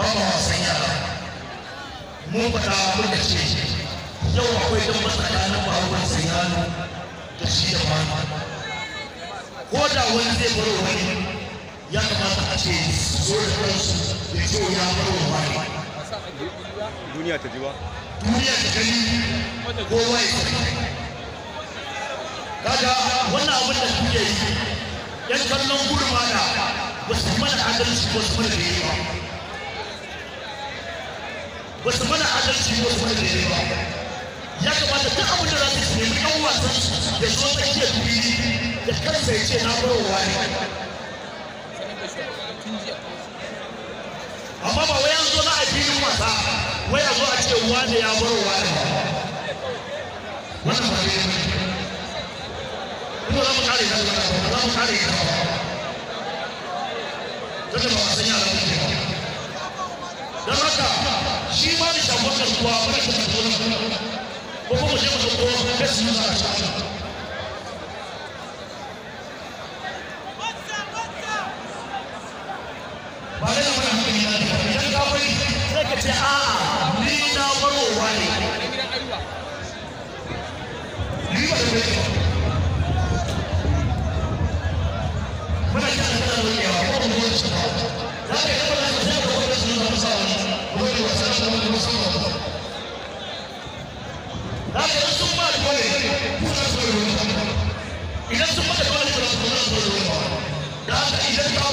ba ma wasan yara mun faɗa muka ce yau akwai don matsakanin babuwar sanyalo da shi da manu ko da wani zai baro wani ya kamata a ce zo da kansu ya ya baro wani duniya ta ji ba duniya ta gani kowa ya kaga wannan abin da kuke yi yan kallon gurma ba su mana adalci su mana da yi ba ba su mana adalci ba mana ba ya kamata duk abin da za su nemi ɗan wasan ya zo tsakiyar fili da kansa ya ce na bawa wani amma ba wai an zo na addinin wasa wai a zo a ce wane ya bar wane wannan ba ne kuma za mu kare ta za mu kare ta don da ba wasan yara ne don Então vocês cobram, vocês cobram, vocês cobram, vocês cobram, vocês cobram, vocês cobram,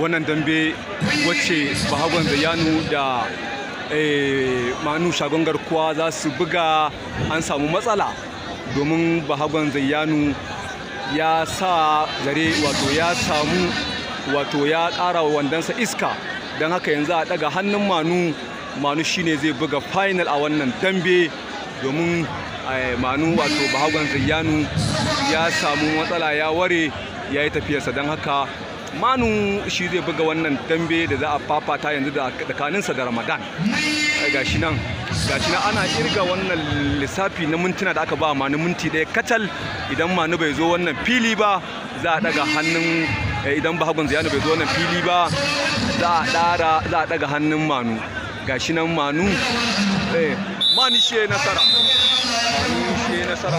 wannan dambe wacce bahagon zayanu da eh, manu shagon garkuwa za su buga an samu matsala domin bahagon zayanu ya sa zare wato ya samu wato ya wa wandansa iska don haka yanzu a daga hannun manu manu shine zai buga final a wannan dambe domin eh, manu wato bahagon zayanu ya samu matsala ya ware ya yi tafiyarsa don haka manu shi zai buga wannan dambe da za a fafata yanzu da tsakaninsa da ramadan gashi nan gashi nan ana kirga wannan lissafi na mintuna da aka ba manu minti ɗaya kacal idan manu bai zo wannan fili ba za a daga hannun eh, idan hagun ziyanu bai zo wannan fili ba za a ɗara za a daga hannun manu gashi nan manu eh, manu shi nasara manu shi nasara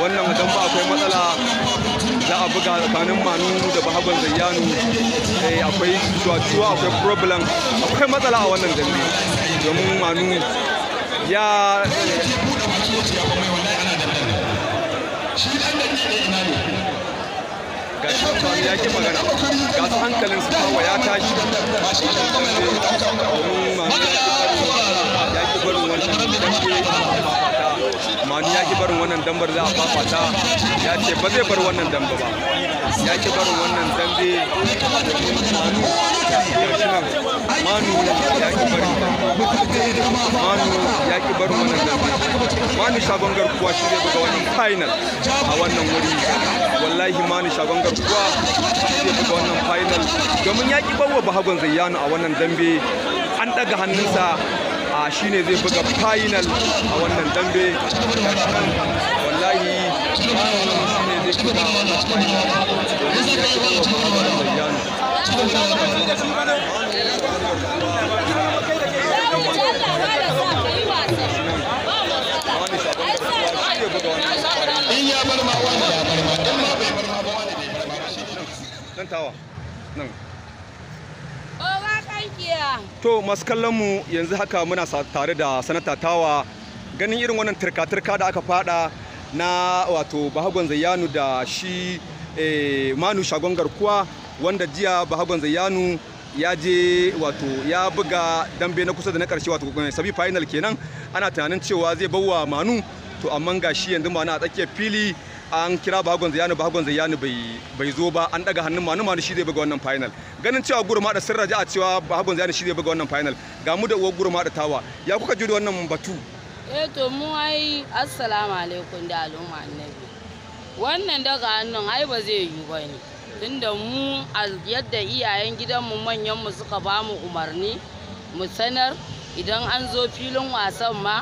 wannan dan ba akwai matsala za a buga tsakanin manu da bahagon zayyanu eh, akwai cuwa akwai problem akwai matsala a wannan dambe domin manu ya ga shi ya ki magana ga su hankalin su kawo ya tashi domin manu ya ki barin wancan dambe mani ya ki barin wannan dambar za a fafata ya ce ba zai bar wannan damba ba ya ki barin wannan dambe manu ya ki barin manu ya ki barin wannan dambe manu shagon garkuwa shi zai buga wannan final a wannan wuri wallahi manu shagon garkuwa shi zai buga wannan final domin ya ki bawa bahagon zayyano a wannan dambe an daga hannunsa a shine zai buga final a wannan dambe wallahi shine zai buga wannan final domin ya nan To masu kallon mu yanzu haka muna tare da sanata tawa ganin irin wannan turka-turka da aka fada na wato bahagon zayyanu da shi eh, manu shagon garkuwa wanda jiya bahagon zayyanu ya je wato ya buga dambe na kusa da na karshe wato eh, sabi final kenan ana tunanin cewa zai bawa manu to amma ga shi yanzu ma a tsakiyar fili an kira bagon ziyani bagon ziyani bai bai zo ba an daga hannun manu manu shi zai buga wannan final ganin cewa gurma da sirra a cewa bagon ziyani shi zai buga wannan final ga mu da uwar gurma da tawa ya kuka ji wannan batu eh to mu ai assalamu alaikum da al'umma annabi wannan daga hannun ai ba zai yi ba ne tunda mu a yadda iyayen gidanmu manyanmu suka ba mu umarni mu sanar idan an zo filin wasan ma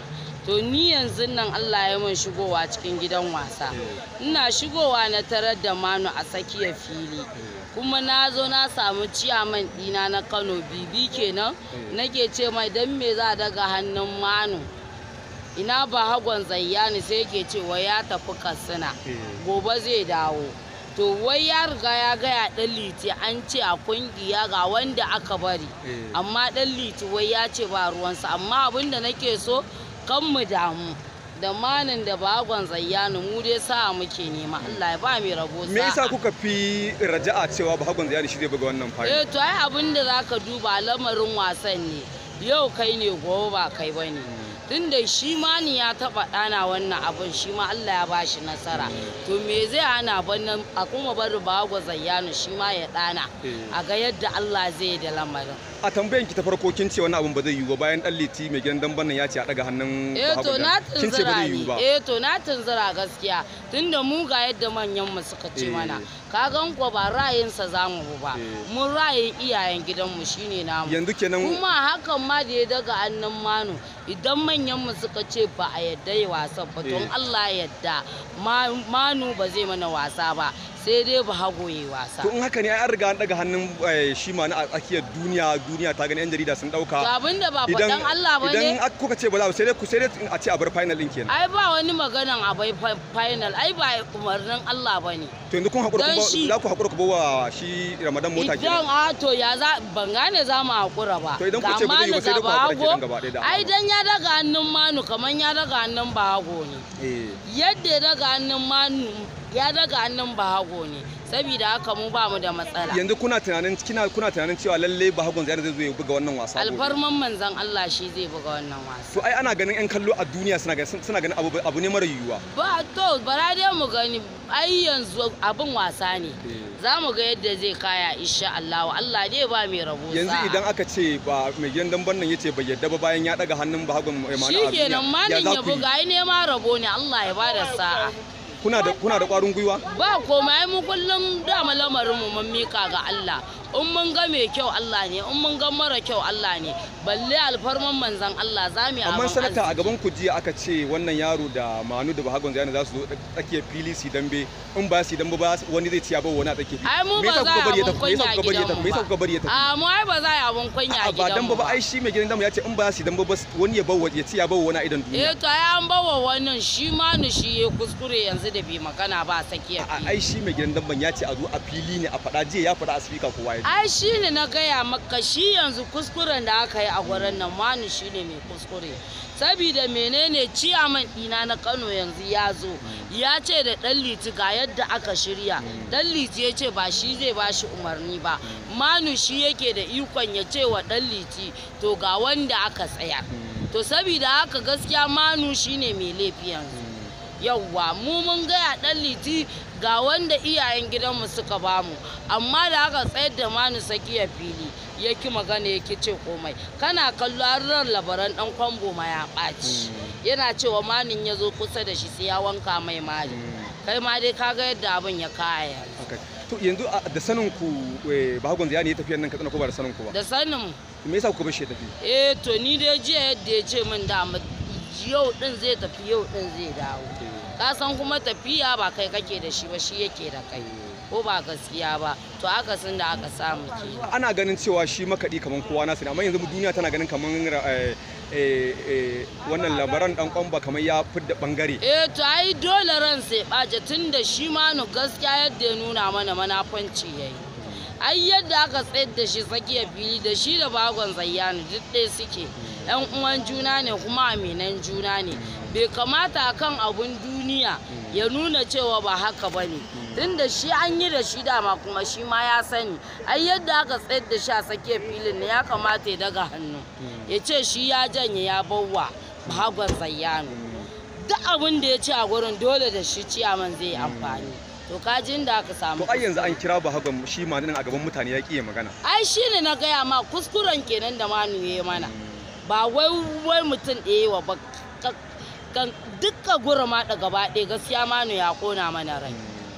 to ni yanzu nan Allah ya mun shigowa cikin gidan wasa eh. ina shigowa na tarar da manu a tsakiyar fili eh. kuma na zo na samu ciyaman ɗina na Kano bibi kenan eh. nake ce mai dan me za daga hannun manu ina ba hagon zayyani sai yake cewa ya tafi katsina gobe zai dawo to wai ya riga ya gaya dan liti an ce a kungiya ga wanda aka bari amma dan liti wai ya ce ba ruwansa amma abin da nake so kan mu damu da manin da bagon zayyano mu dai sa muke nema Allah ya ba mu rabo sa me yasa kuka fi raja'a cewa bagon zayyano shi zai buga wannan fari eh to ai abin da zaka duba lamarin wasan ne yau kai ne gobe ba kai bane tunda shi ma ni ya taba dana wannan abin shi ma Allah ya bashi nasara to me zai hana bannan a kuma bari bago zayyano shi ma ya dana eh. a ga yadda Allah zai da lamarin a tambayan ki ta farko kin ce wani abun ba zai yiwu ba bayan dan liti mai gidan dan nan ya ce a daga hannun eh to na tunzura ne eh to na tunzura gaskiya tunda mu ga yadda manyan mu suka ce eh. mana ka gan ko ba ra'ayinsa za mu bu ba eh. mun ra'ayin iyayen gidanmu shine namu yanzu kenan kuma hakan ma da ya daga annan manu idan manyan mu suka ce ba a yadda ya wasa ba don eh. Allah ya yadda manu ba zai mana wasa ba sai dai ba hago ya wasa to in haka ne an riga an daga hannun eh, shi ma na tsakiyar duniya duniya ta gani yan jarida sun dauka abin da ba faɗan Allah bane? idan kuka ce ba za sai dai ku sai dai a ce a bar final din kenan ai ba wani maganan a bai final ai ba umarnin Allah bane to yanzu kun hakura kun shi za ku hakura ku bawa shi Ramadan mota idan a ah, to ya za ban gane za mu hakura ba to idan ku ce ba zai sai da ku hakura kenan gaba ɗaya da ai dan ya daga hannun manu kaman ya daga hannun bahago ne eh yadda ya daga hannun manu ya daga hannun bahago ne saboda haka mu ba mu da matsala yanzu kuna tunanin kina kuna tunanin cewa lalle bahagon zai zai zo ya buga wannan wasa alfarman manzon Allah shi zai buga wannan wasa to ai ana ganin yan kallo a duniya suna ganin suna ganin abu abu ne mara yiwuwa ba to bara dai mu gani ai yanzu abin wasa ne eh. za mu ga yadda zai kaya insha Allah Allah dai ba mai rabo yanzu idan aka ce ba mai gidan damban nan yace bai yadda ba bayan ya daga hannun bahagon mai mana Shi kenan shikenan manin ya buga ai ne ma rabo ne Allah ya bada sa'a kuna da kwarin gwiwa ba komai mu kullum dama lamarin mu mun mika ga Allah in mun ga mai kyau Allah ne in mun ga mara kyau Allah ne balle alfarman manzan Allah za mu yi amma sanata a gaban ku aka ce wannan yaro da manu da bahagon zayana za su zo tsakiyar fili su dambe in ba su dambe ba wani zai ci ba wani a tsakiyar fili ai mu ba za a abun kunya gidan mu ba sa bari ya tafi a mu ai ba za a abun kunya gidan mu ba dambe ba ai shi mai gidan dambe ya ce in ba su dambe ba wani ya bawa ya ci ya bawa wani a idan duniya eh to ai an bawa wannan shi ma ni shi ya kuskure yanzu da bai magana ba a tsakiyar fili ai shi mai gidan damben ya ce a zo a fili ne a faɗa jiya ya faɗa a speaker kowa ai shi ne na gaya maka shi yanzu kuskuren da aka yi a gurin nan wani shi ne mai kuskure sabida menene ciyaman ɗina na kano yanzu ya zo ya ce da ɗan ga yadda aka shirya ɗan ya ce ba shi zai ba shi umarni ba manu shi yake da ikon ya ce wa ɗan to ga wanda aka tsaya to sabida haka gaskiya manu shi ne mai laifi yanzu yauwa mu mun gaya dan liti ga wanda iyayen gidanmu suka bamu amma da aka tsayar da manu sakiya fili ya ki magana ya ki ce komai kana kallo an ran labaran dan kwambo ma ya ɓaci mm. yana cewa manin ya zo kusa da shi sai ya wanka mai mali mm. kai ma dai ka ga yadda abin ya kaya to yanzu da sanin ku eh, bagon ziyani ya tafi nan katsina ko ba da sanin ku ba da sanin me yasa ku bar shi ya tafi eh to ni dai jiya yadda ya ce min da yau din zai tafi yau din zai dawo ka san kuma tafiya ba kai kake da shi ba shi yake da kai ko ba gaskiya ba to akasin da aka samu ke ana ganin cewa shi makaɗi kaman kowa nasu amma yanzu duniya tana ganin kaman eh, eh, eh, wannan labaran dan kwamba kaman ya fidda bangare eh to ai dole ran sai baje tun da shi ma nu gaskiya yadda ya nuna mana manafanci yayi ai yadda aka tsayar da shi tsakiya fili da shi da bagon zayyanu duk ɗaya suke 'yan uwan juna ne kuma aminan juna ne bai kamata kan abun duniya ya nuna cewa ba haka ba ne tunda shi an yi da shi dama kuma shi ma ya sani ai yadda aka tsayar da shi a tsakiyar filin ne ya kamata ya daga hannu ya ce shi ya janye ya bawa hagon zayyano duk abin da ya ci a gurin dole da shi ciyaman zai amfani to ka jin da aka samu to ai yanzu an kira ba hagon shi ma nan a gaban mutane ya ƙi magana ai shine na gaya ma kuskuren kenan da manu ya mana ba wai wai mutum ɗaya wa ba dukkan gurma da gaba ɗaya gaskiya manu ya kona mana rai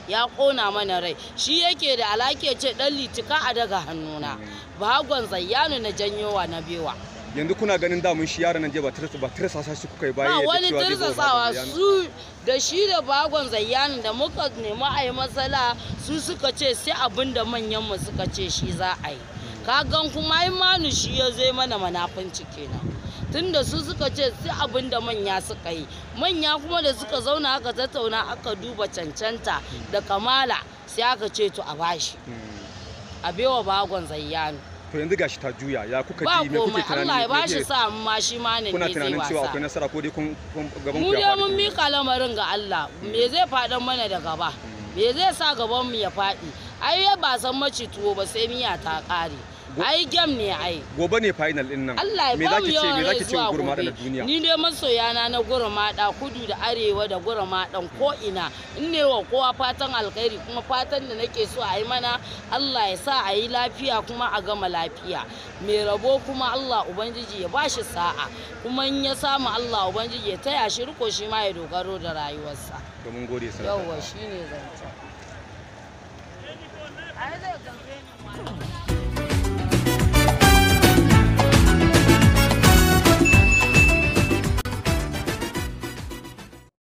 ya kona mana rai shi yake da alake ce ɗan litika a daga hannuna bagon zayyanu na janyowa na bewa yanzu kuna ganin damun shi yaran nan je ba tirsa ba tirsa sa shi kuka yi baya ba wani tirsasawa su da shi da bagon zayyano da muka nemi a yi matsala su suka ce sai abin da manyan mu suka ce shi za a yi ka gan kuma imanu shi ya zai mana manafinci kenan tunda su suka ce su abin da manya suka yi manya kuma da suka zauna aka tattauna aka duba cancanta da kamala sai aka ce to a bashi a bewa bagon zayyano to yanzu gashi ta juya ya kuka ji me kuke tunani Allah ya bashi sa amma shi ma ne kuna tunanin cewa akwai nasara ko dai kun gaban ku ya mun mika lamarin ga Allah me mm. zai faɗa mana da gaba me zai sa gaban mu ya faɗi ai ba san maci tuwo ba sai miya ta ƙare ai game ne ai gobe ne final din nan Allah ya bamu yawan me zaki ce gurma da duniya ni ne masoya na na gurma da kudu da arewa da gurma dan ko ina in ne wa kowa fatan alkhairi kuma fatan da nake so a yi mana Allah ya sa a yi lafiya kuma a gama lafiya mai rabo kuma Allah ubangiji ya bashi sa'a kuma in ya samu Allah ubangiji ya taya shi riko shi ma ya dogaro da rayuwarsa domin gode sarki yawa shine ai zai gambe ni